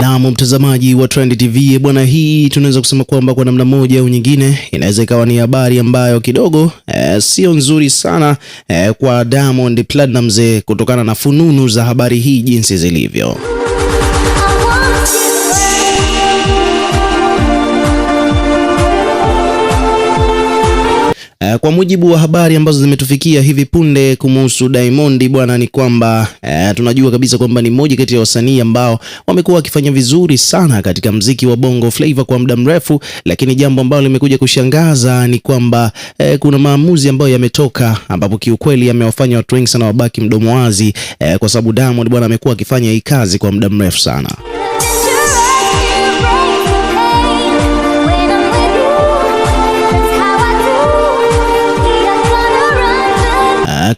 Naam, mtazamaji wa Trend TV bwana, hii tunaweza kusema kwamba kwa namna moja au nyingine inaweza ikawa ni habari ambayo kidogo e, sio nzuri sana e, kwa Diamond Platnumz eh, kutokana na fununu za habari hii jinsi zilivyo. Eh, kwa mujibu wa habari ambazo zimetufikia hivi punde kumuhusu Diamond bwana, ni kwamba e, tunajua kabisa kwamba ni mmoja kati ya wasanii ambao wamekuwa wakifanya vizuri sana katika mziki wa Bongo Flava kwa muda mrefu, lakini jambo ambalo limekuja kushangaza ni kwamba e, kuna maamuzi ambayo yametoka, ambapo kiukweli yamewafanya watu wengi sana wabaki mdomo wazi e, kwa sababu Diamond bwana amekuwa akifanya hii kazi kwa muda mrefu sana.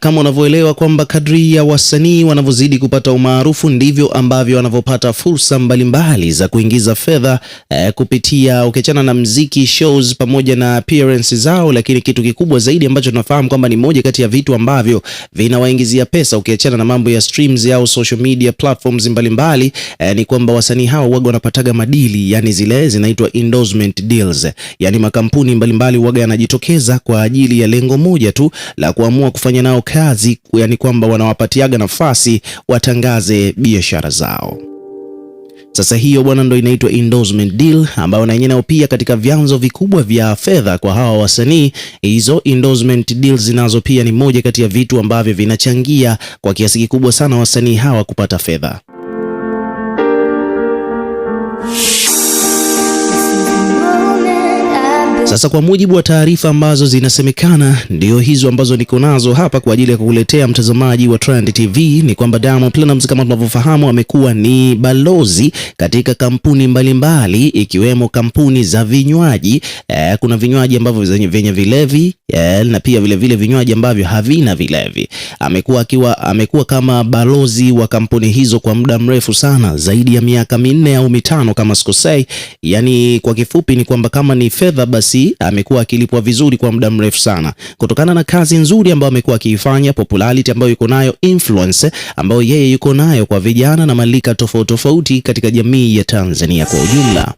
kama unavyoelewa kwamba kadri ya wasanii wanavyozidi kupata umaarufu ndivyo ambavyo wanavyopata fursa mbalimbali za kuingiza fedha eh, kupitia ukiachana na mziki shows pamoja na appearances zao, lakini kitu kikubwa zaidi ambacho tunafahamu kwamba ni moja kati ya vitu ambavyo vinawaingizia pesa ukiachana na mambo ya streams au social media platforms mbalimbali eh, ni kwamba wasanii hao waga wanapataga madili, yani zile zinaitwa endorsement deals, yani makampuni mbalimbali waga yanajitokeza kwa ajili ya lengo moja tu la kuamua kufanya nao kazi, yani kwamba wanawapatiaga nafasi watangaze biashara zao. Sasa hiyo bwana, ndo inaitwa endorsement deal, ambayo na yenyewe pia katika vyanzo vikubwa vya fedha kwa hawa wasanii. Hizo endorsement deals zinazo pia ni moja kati ya vitu ambavyo vinachangia kwa kiasi kikubwa sana wasanii hawa kupata fedha. Sasa kwa mujibu wa taarifa ambazo zinasemekana ndio hizo ambazo niko nazo hapa kwa ajili ya kukuletea mtazamaji wa Trend TV ni kwamba Diamond Platnumz kama tunavyofahamu, amekuwa ni balozi katika kampuni mbalimbali mbali, ikiwemo kampuni za vinywaji eh, kuna vinywaji ambavyo vyenye vilevi eh, na pia vile vile vinywaji ambavyo havina vilevi. Amekuwa akiwa amekuwa kama balozi wa kampuni hizo kwa muda mrefu sana, zaidi ya miaka minne au mitano kama sikosei. Yani kwa kifupi ni kwamba kama ni fedha basi hii amekuwa akilipwa vizuri kwa muda mrefu sana, kutokana na kazi nzuri ambayo amekuwa akiifanya, popularity ambayo yuko nayo, influence ambayo yeye yuko nayo kwa vijana na malika tofauti tofauti katika jamii ya Tanzania kwa ujumla.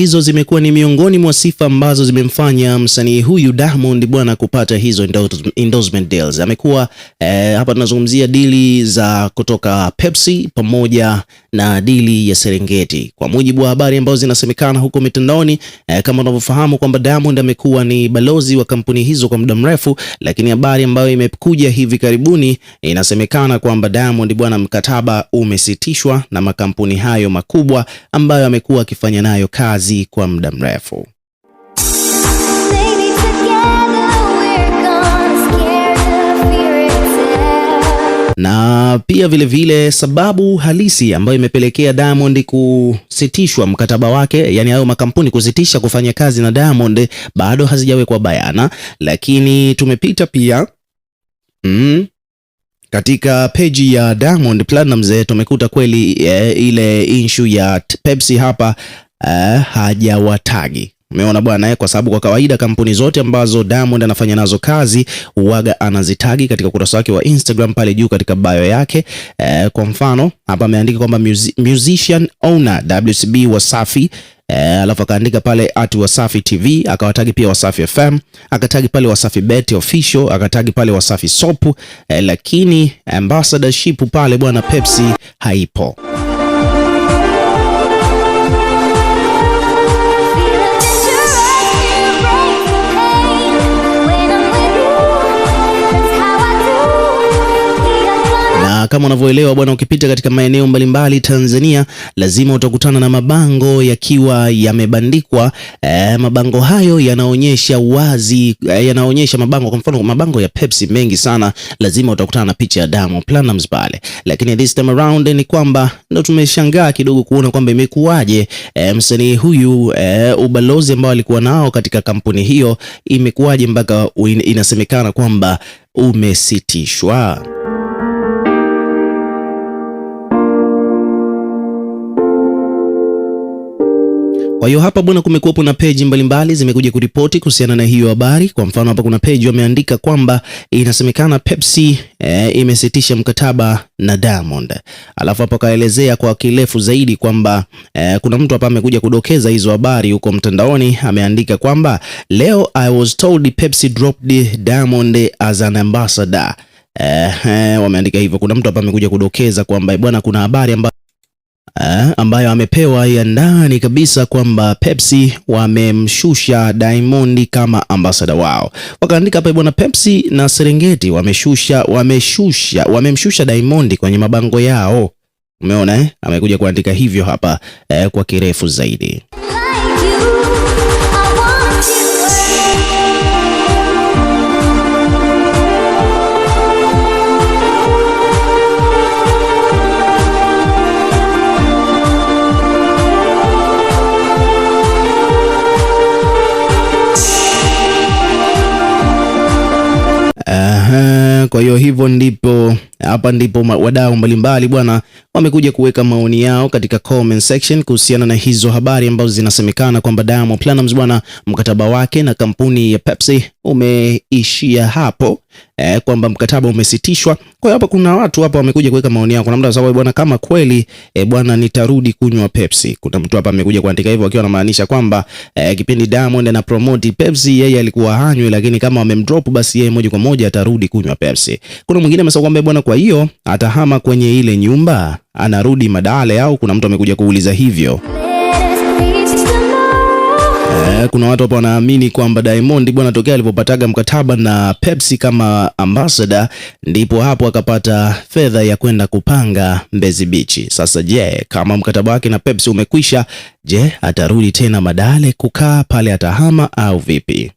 hizo zimekuwa ni miongoni mwa sifa ambazo zimemfanya msanii huyu Diamond bwana kupata hizo endorsement deals. Amekuwa eh, hapa tunazungumzia dili za kutoka Pepsi pamoja na dili ya Serengeti, kwa mujibu wa habari ambazo zinasemekana huko mitandaoni. Eh, kama unavyofahamu kwamba Diamond amekuwa ni balozi wa kampuni hizo kwa muda mrefu, lakini habari ambayo imekuja hivi karibuni inasemekana kwamba Diamond bwana, mkataba umesitishwa na makampuni hayo makubwa ambayo amekuwa akifanya nayo kazi kazi kwa muda mrefu. na pia vilevile vile sababu halisi ambayo imepelekea Diamond kusitishwa mkataba wake, yani hayo makampuni kusitisha kufanya kazi na Diamond bado hazijawekwa bayana, lakini tumepita pia mm, katika peji ya Diamond Platnumz tumekuta kweli e, ile issue ya Pepsi hapa uh, hajawatagi Umeona bwana, eh, kwa sababu kwa kawaida kampuni zote ambazo Diamond anafanya nazo kazi uwaga anazitagi katika ukurasa wake wa Instagram pale juu katika bio yake. E, kwa mfano hapa ameandika kwamba musician owner WCB Wasafi, Eh, alafu akaandika pale at Wasafi TV, akawatagi pia Wasafi FM, akatagi pale Wasafi Bet official, akatagi pale Wasafi Sopu, Eh, lakini ambassadorship pale bwana Pepsi haipo. kama unavyoelewa bwana, ukipita katika maeneo mbalimbali Tanzania lazima utakutana na mabango yakiwa yamebandikwa. E, mabango hayo yanaonyesha wazi, eh, yanaonyesha mabango, kwa mfano mabango ya Pepsi mengi sana, lazima utakutana na picha ya Diamond Platnumz pale, lakini this time around ni kwamba ndo tumeshangaa kidogo kuona kwamba imekuwaje, e, msanii huyu e, ubalozi ambao alikuwa nao katika kampuni hiyo imekuwaje mpaka inasemekana kwamba umesitishwa. Kwa hiyo hapa bwana, kumekuwepo na peji mbalimbali zimekuja kuripoti kuhusiana na hiyo habari. Kwa mfano hapa kuna peji wameandika kwamba inasemekana Pepsi e, imesitisha mkataba na Diamond, alafu hapo kaelezea kwa kirefu zaidi kwamba e, kuna mtu hapa amekuja kudokeza hizo habari huko mtandaoni, ameandika kwamba leo I was told Pepsi dropped Diamond as an ambassador. Eh, eh, wameandika hivyo. Kuna mtu hapa amekuja kudokeza kwamba bwana, kuna habari ambayo eh, ambayo amepewa ya ndani kabisa kwamba Pepsi wamemshusha Diamond kama ambasada wao. Wakaandika hapa bwana, Pepsi na Serengeti wameshusha wameshusha wamemshusha Diamond kwenye mabango yao. Umeona eh? Amekuja kuandika hivyo hapa eh, kwa kirefu zaidi. Kwa hiyo hivyo ndipo hapa ndipo wadau mbalimbali bwana wamekuja kuweka maoni yao katika comment section kuhusiana na hizo habari ambazo zinasemekana kwamba Diamond Platnumz bwana, mkataba wake na kampuni ya Pepsi umeishia hapo eh, kwamba mkataba umesitishwa. Kwa hiyo hapa kuna watu hapa wamekuja kuweka maoni yao. Kuna mtu anasema bwana, kama kweli eh, bwana, nitarudi kunywa Pepsi. Kuna mtu hapa amekuja kuandika hivyo akiwa anamaanisha kwamba eh, kipindi Diamond ana promote Pepsi yeye alikuwa hanywi, lakini kama wamemdrop basi yeye moja kwa moja atarudi kunywa Pepsi. Kuna mwingine amesema kwamba bwana, kwa hiyo atahama kwenye ile nyumba anarudi Madale au kuna mtu amekuja kuuliza hivyo. Eh, kuna watu hapo wanaamini kwamba Diamond bwana, tokea alipopataga mkataba na Pepsi kama ambassador, ndipo hapo akapata fedha ya kwenda kupanga Mbezi Beach. Sasa je, kama mkataba wake na Pepsi umekwisha, je, atarudi tena Madale kukaa pale atahama au vipi?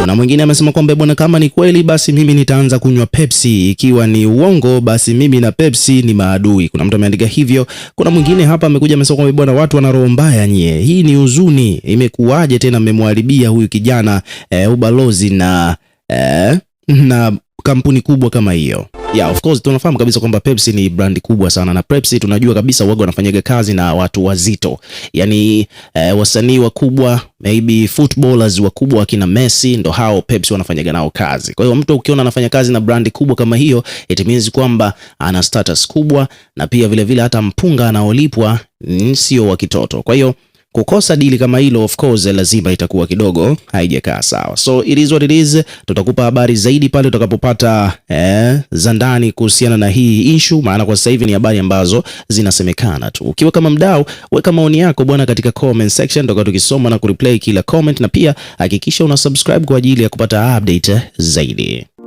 Kuna mwingine amesema kwamba bwana, kama ni kweli basi mimi nitaanza kunywa Pepsi, ikiwa ni uongo basi mimi na Pepsi ni maadui. Kuna mtu ameandika hivyo. Kuna mwingine hapa amekuja amesema kwamba bwana, watu wana roho mbaya nyie, hii ni huzuni, imekuwaje tena mmemharibia huyu kijana eh, ubalozi na eh, na kampuni kubwa kama hiyo. Yeah, of course tunafahamu kabisa kwamba Pepsi ni brand kubwa sana na Pepsi tunajua kabisa waga wanafanyaga kazi na watu wazito, yaani eh, wasanii wakubwa maybe footballers wakubwa akina Messi ndo hao Pepsi wanafanyaga nao kazi. Kwa hiyo mtu ukiona anafanya kazi na brand kubwa kama hiyo, it means kwamba ana status kubwa na pia vilevile vile hata mpunga anaolipwa sio wa kitoto. Kwa hiyo kukosa dili kama hilo, of course lazima itakuwa kidogo haijakaa sawa. So it is what it is, tutakupa habari zaidi pale utakapopata eh, za ndani kuhusiana na hii issue, maana kwa sasa hivi ni habari ambazo zinasemekana tu. Ukiwa kama mdau, weka maoni yako bwana katika comment section, tutakuwa tukisoma na kureply kila comment, na pia hakikisha una subscribe kwa ajili ya kupata update zaidi.